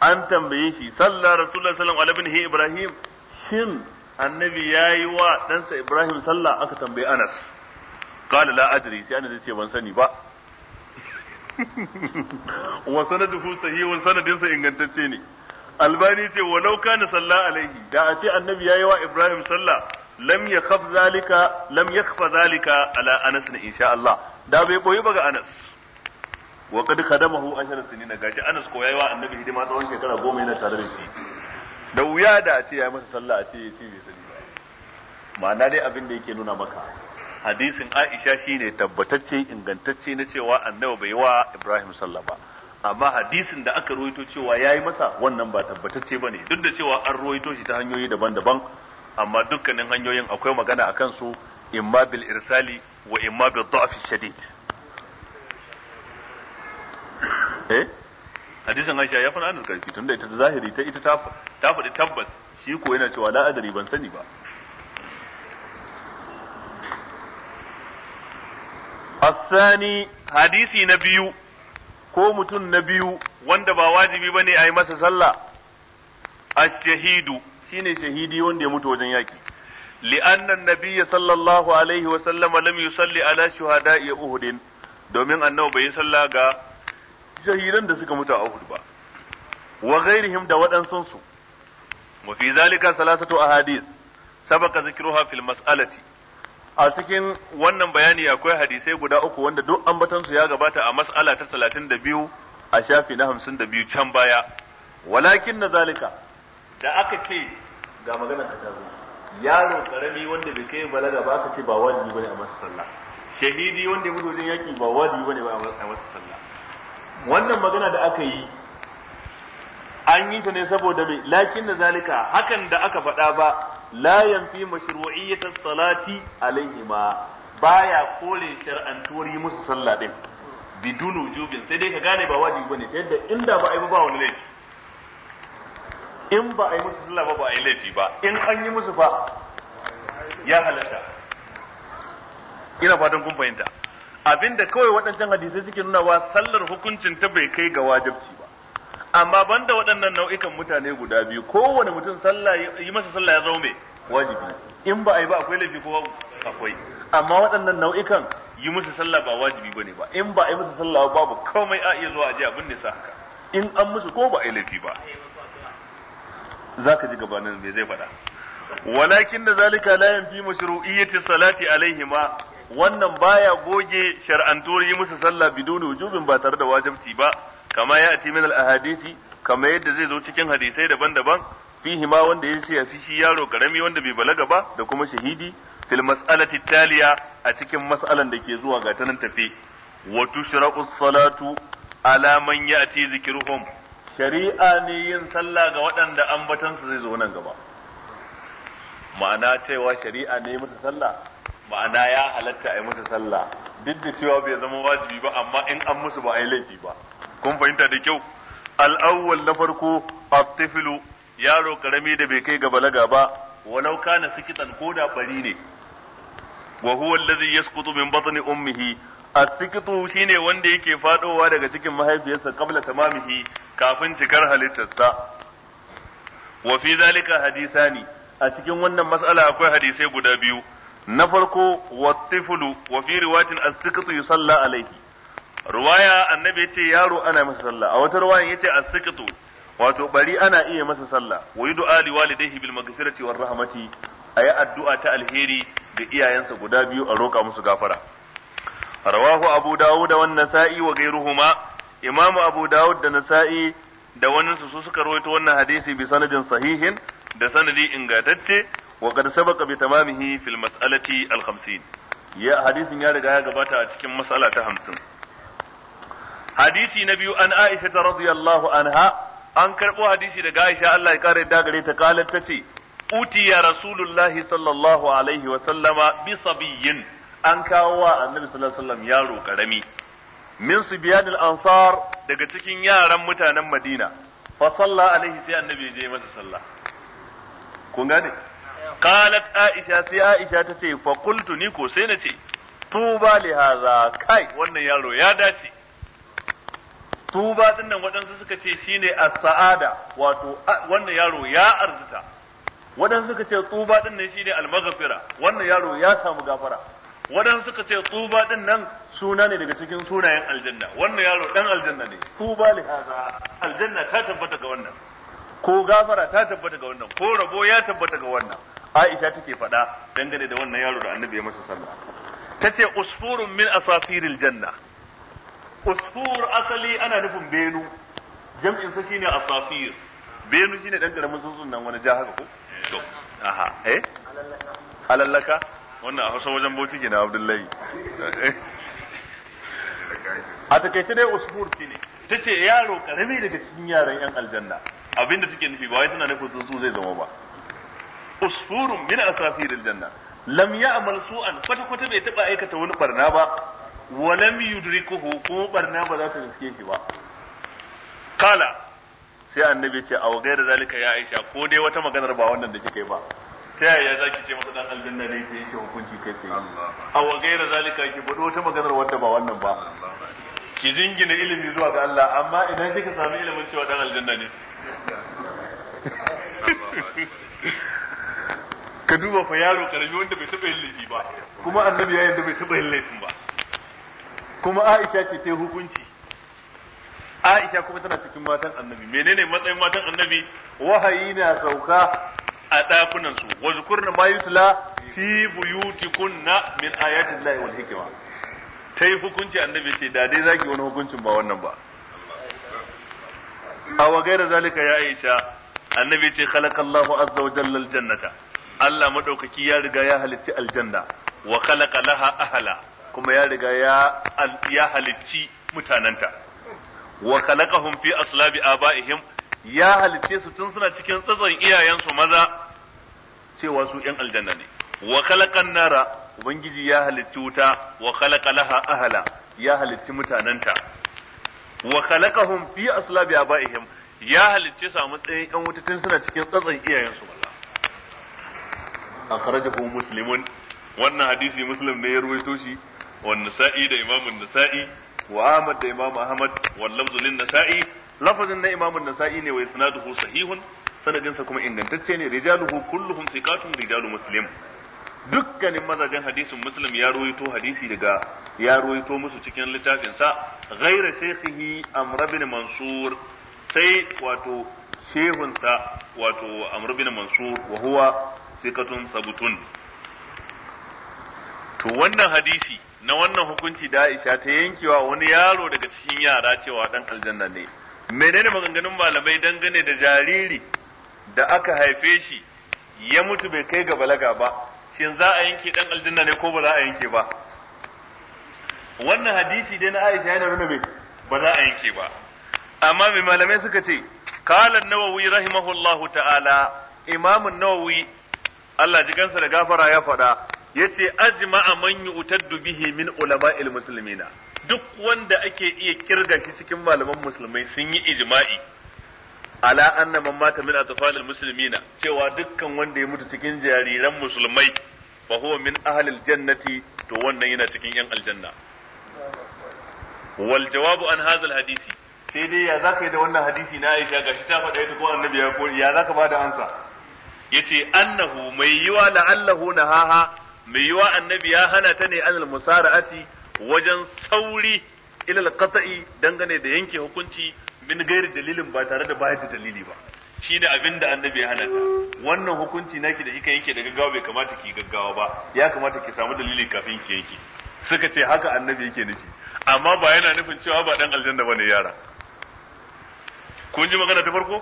an tambaye shi sallar rasulullahi sallallahu alaihi wasallam ibrahim shin annabi ya yi wa ɗansa Ibrahim sallah aka tambayi Anas qala la adri sai Anas ce ban sani ba [LAUGHS] wa sanadu sanaduhu sahihun sanadinsa ingantacce ne albani ce wa lauka kana Sallah alaihi da a ce annabi ya yi wa ibrahim sallah lam yakhaf zalika lam yakhfa zalika ala anas insha Allah da bai koyi ba ga anas wa kad kadamahu ashara sinina gashi anas ko yayi wa annabi hidima tsawon shekara goma yana tare da shi da wuya da a ce ya yi masa sallah a ce ya ce bai sani ma'ana dai abin da yake nuna maka hadisin Aisha shine tabbatacce ingantacce na cewa annabi bai wa Ibrahim sallah ba amma hadisin da aka ruwaito cewa ya yi masa wannan ba tabbatacce ba ne. duk da cewa an ruwaito shi ta hanyoyi daban-daban amma dukkanin hanyoyin akwai magana a kansu imma bil irsali wa imma bil da'afi shadid eh? hadisin Aisha ya fara anas karfi tunda ita zahiri ta ita ta faɗi tabbas shi ko yana cewa la adari ban sani ba Asani hadisi na biyu ko mutum na biyu wanda ba wajibi ba ne a yi masa sallah ashahidu shahidu shine shahidi wanda ya mutu wajen yaki li'anna an-nabiyya sallallahu alaihi wa sallam lam yusalli ala shuhada'i Uhudin domin annabi bai sallah ga shahidan da suka mutu a Uhud ba wa ghairihim da waɗansun su wa fi zalika salasatu ahadith sabaka zikruha fil mas'alati a cikin wannan bayani akwai hadisai guda uku wanda duk ambatan su ya gabata a mas'ala ta 32 a shafi na 52 can baya walakin na zalika da aka ce ga magana ta tazo yaro karami wanda bai kai balaga ba aka ce ba wajibi bane a masa sallah shahidi wanda ya mutu wajen yaki ba wajibi bane ba a masa sallah wannan magana da aka yi an yi ta ne saboda mai lakin na zalika hakan da aka faɗa ba layan fi mashru'iyyatas salati alaihima baya kore shar'antuwar yi musu sallah din bidun wujubin sai dai ka gane ba wajibi bane ta yadda inda ba a yi ba wani laifi in ba a yi musu sallah ba ba a yi laifi ba in an yi musu fa ya halatta ina fatan kun fahimta abinda kawai waɗancan hadisai suke nuna wa sallar hukuncin ta bai kai ga wajibci ba amma banda waɗannan nau'ikan mutane guda biyu kowane mutum sallah yi masa sallah ya zaume wajibi in ba a yi ba akwai laifi ko akwai amma waɗannan nau'ikan yi musu sallah ba wajibi bane ba in ba a yi musu sallah babu komai a iya zuwa a ji abin da sa haka in an musu ko ba a yi laifi ba zaka ji gabanin me zai faɗa walakin da zalika la yanfi mashru'iyyati salati alaihima wannan baya goge shar'antuwar yi musu sallah biduni wujubin ba tare da wajibci ba kama ya ati min al-ahadisi kama yadda zai zo cikin hadisai daban-daban fihi ma wanda ya ce fi shi yaro karami wanda bai balaga ba da kuma shahidi fil mas'alati taliya a cikin mas'alan da ke zuwa ga tanan tafi wa tushra'u salatu ala man ya'ti zikruhum shari'a ne yin sallah ga waɗanda ambatansu zai zo nan gaba ma'ana cewa shari'a ne mutu sallah ma'ana ya halatta a yi musu sallah duk da cewa bai zama wajibi ba amma in an musu ba a yi laifi ba kun fahimta da kyau al'awwal na farko at yaro karami da bai kai ga balaga ba walau kana sikitan ko da bari ne wa huwa allazi yasqutu min batni ummihi as-siktu shine wanda yake fadowa daga cikin mahaifiyarsa qabla tamamihi kafin cikar halittarsa wa fi zalika hadisani a cikin wannan mas'ala akwai hadisai guda biyu na farko wa tiflu wa fi riwayatin as sikatu yusalla alayhi riwaya annabi yace yaro ana masa sallah a wata riwayan yace as sikatu wato bari ana iya masa sallah wa yud'a li walidayhi bil maghfirati war rahmati ayi addu'a ta alheri ga iyayensa guda biyu a roƙa musu gafara rawahu abu dawud wa nasa'i wa ghayruhuma imam abu dawud da nasa'i da wani su suka rawaito wannan hadisi bi sanadin sahihin da sanadi ingantacce wa qad sabaqa bi tamamihi fil mas'alati al 50 ya hadisin ya gabata a cikin mas'ala ta hamsin. hadisi na biyu an Aisha radhiyallahu anha an karɓo hadisi daga Aisha Allah ya kare da gare ta kalar tace utiya rasulullahi sallallahu alaihi wa sallama bi sabiyyin an kawo wa annabi yaro karami min subyanil ansar daga cikin yaran mutanen Madina fa salla alaihi sai annabi ya je masa sallah kun gane qalat aisha sai aisha ta ce fa qultu ni ko sai na ce tuba li hadha kai wannan yaro ya dace tuba din nan waɗansu suka ce shine as-sa'ada wato wannan yaro ya arzuta waɗansu suka ce tuba din nan shine al-maghfira wannan yaro ya samu gafara waɗansu suka ce tuba din nan suna ne daga cikin sunayen aljanna wannan yaro dan aljanna ne tuba li hadha aljanna ta tabbata ga wannan ko gafara ta tabbata ga wannan ko rabo ya tabbata ga wannan Aisha take faɗa dangane da wannan yaro da Annabi ya masa sallah tace usfurun min asafiril janna usfur asali ana nufin benu jam'in sa shine asafir benu shine dan karamin tsuntsun nan wani ja haka ko to aha eh alallaka wannan a Hausa wajen Bauchi kenan Abdullahi a takaice dai usfur shine tace yaro karami daga cikin yaran yan aljanna abinda take nufi ba wai tana nufin tsuntsu zai zama ba usfurun min asafiril janna lam ya'mal su'an kwata kwata bai taba aikata wani barna ba wa lam yudrikuhu ko barna ba za ta gaske shi ba kala sai annabi ce a gaira zalika ya aisha ko dai wata maganar ba wannan da kike ba ta yaya zaki ce masa dan aljanna ne sai yake hukunci kai tsaye a wagai da zalika ki bado wata maganar wanda ba wannan ba ki jingina ilimi zuwa ga Allah amma idan kika sami ilimin cewa dan aljanna ne ka duba fa yaro karami wanda bai taba yin laifi ba kuma annabi ya yadda bai taba yin laifin ba kuma Aisha ce ta hukunci Aisha kuma tana cikin matan annabi menene matsayin matan annabi wahayi na sauka a dakunan su wa zukurna ma yusla fi buyutikunna min ayati llahi wal hikma tai hukunci annabi ce da dai zaki wani hukuncin ba wannan ba aw ghayra zalika ya aisha annabi ce khalaqallahu azza wa jalla aljannata Allah madaukaki ya riga ya halitti aljanna wa khalaqa laha ahla kuma ya riga ya ya halitti mutananta wa khalaqahum fi aslabi ya halitte su tun suna cikin tsatson iyayensu maza cewa su ‘yan aljanna ne, wa khalaqan nara, Ubangiji ya halitti wuta, wa khalaqa laha ahala, ya halitti mutanenta, wa khalaqahum fi aslabi abaihim ya halicce su a matsayin yan wuta tun suna cikin tsatsan iyayensu wallah akhrajahu muslimun wannan hadisi muslim ne ya ruwaito shi wa nasa'i da imamun nasa'i wa ahmad da imam ahmad wal lafzu nasa'i lafazin na imamun nasa'i ne wa isnaduhu sahihun sanadinsa kuma ingantacce ne rijaluhu kulluhum thiqatun rijalu muslim dukkanin mazajen hadisin muslim ya ruwaito hadisi daga ya ruwaito musu cikin littafinsa. sa ghaira shaykhihi amr bin mansur sai wato shehun wato amr bin mansur wa huwa thiqatun sabutun to wannan hadisi na wannan hukunci da Aisha ta yankewa wani yaro daga cikin yara cewa dan aljanna ne menene maganganun malamai dangane da jariri da aka haife shi ya mutu bai kai ga balaga ba shin za a yanke dan aljanna ne ko ba za a yanke ba wannan hadisi dai na Aisha yana nuna mai ba za a yanke ba amma mai malamai suka ce qala an-nawawi rahimahullahu ta'ala imam an-nawawi Allah ji kansa da gafara ya faɗa yace ajma'a man yu'taddu bihi min ulama'il muslimina duk wanda ake iya kirga shi cikin malaman musulmai sun yi ijma'i ala anna man mata min atfalil muslimina cewa dukkan wanda ya mutu cikin jariran musulmai fa huwa min ahlil jannati to wannan yana cikin yan aljanna wal jawabu an hadha hadisi sai dai ya zaka yi da wannan hadisi na Aisha gashi ta faɗa ita ko annabi ya ko ya zaka bada ansa yace annahu mai yiwa la'allahu nahaha mai yiwa annabi ya hana ta ne alal musara'ati wajen sauri al qata'i dangane da yanke hukunci min gairi dalilin ba tare da bayar da dalili ba shi da abin da annabi ya halatta wannan hukunci naki da kika yake da gaggawa bai kamata ki gaggawa ba ya kamata ki samu dalili kafin ki yanke suka ce haka annabi yake nufi amma ba yana nufin cewa ba dan aljanna bane yara kun ji magana ta farko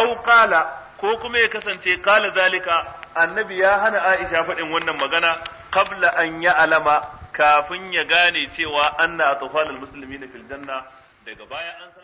aw qala ko kuma ya kasance qala zalika annabi ya hana Aisha faɗin wannan magana qabla an ya alama kafin ya gane cewa anna atfalul muslimina fil janna daga baya an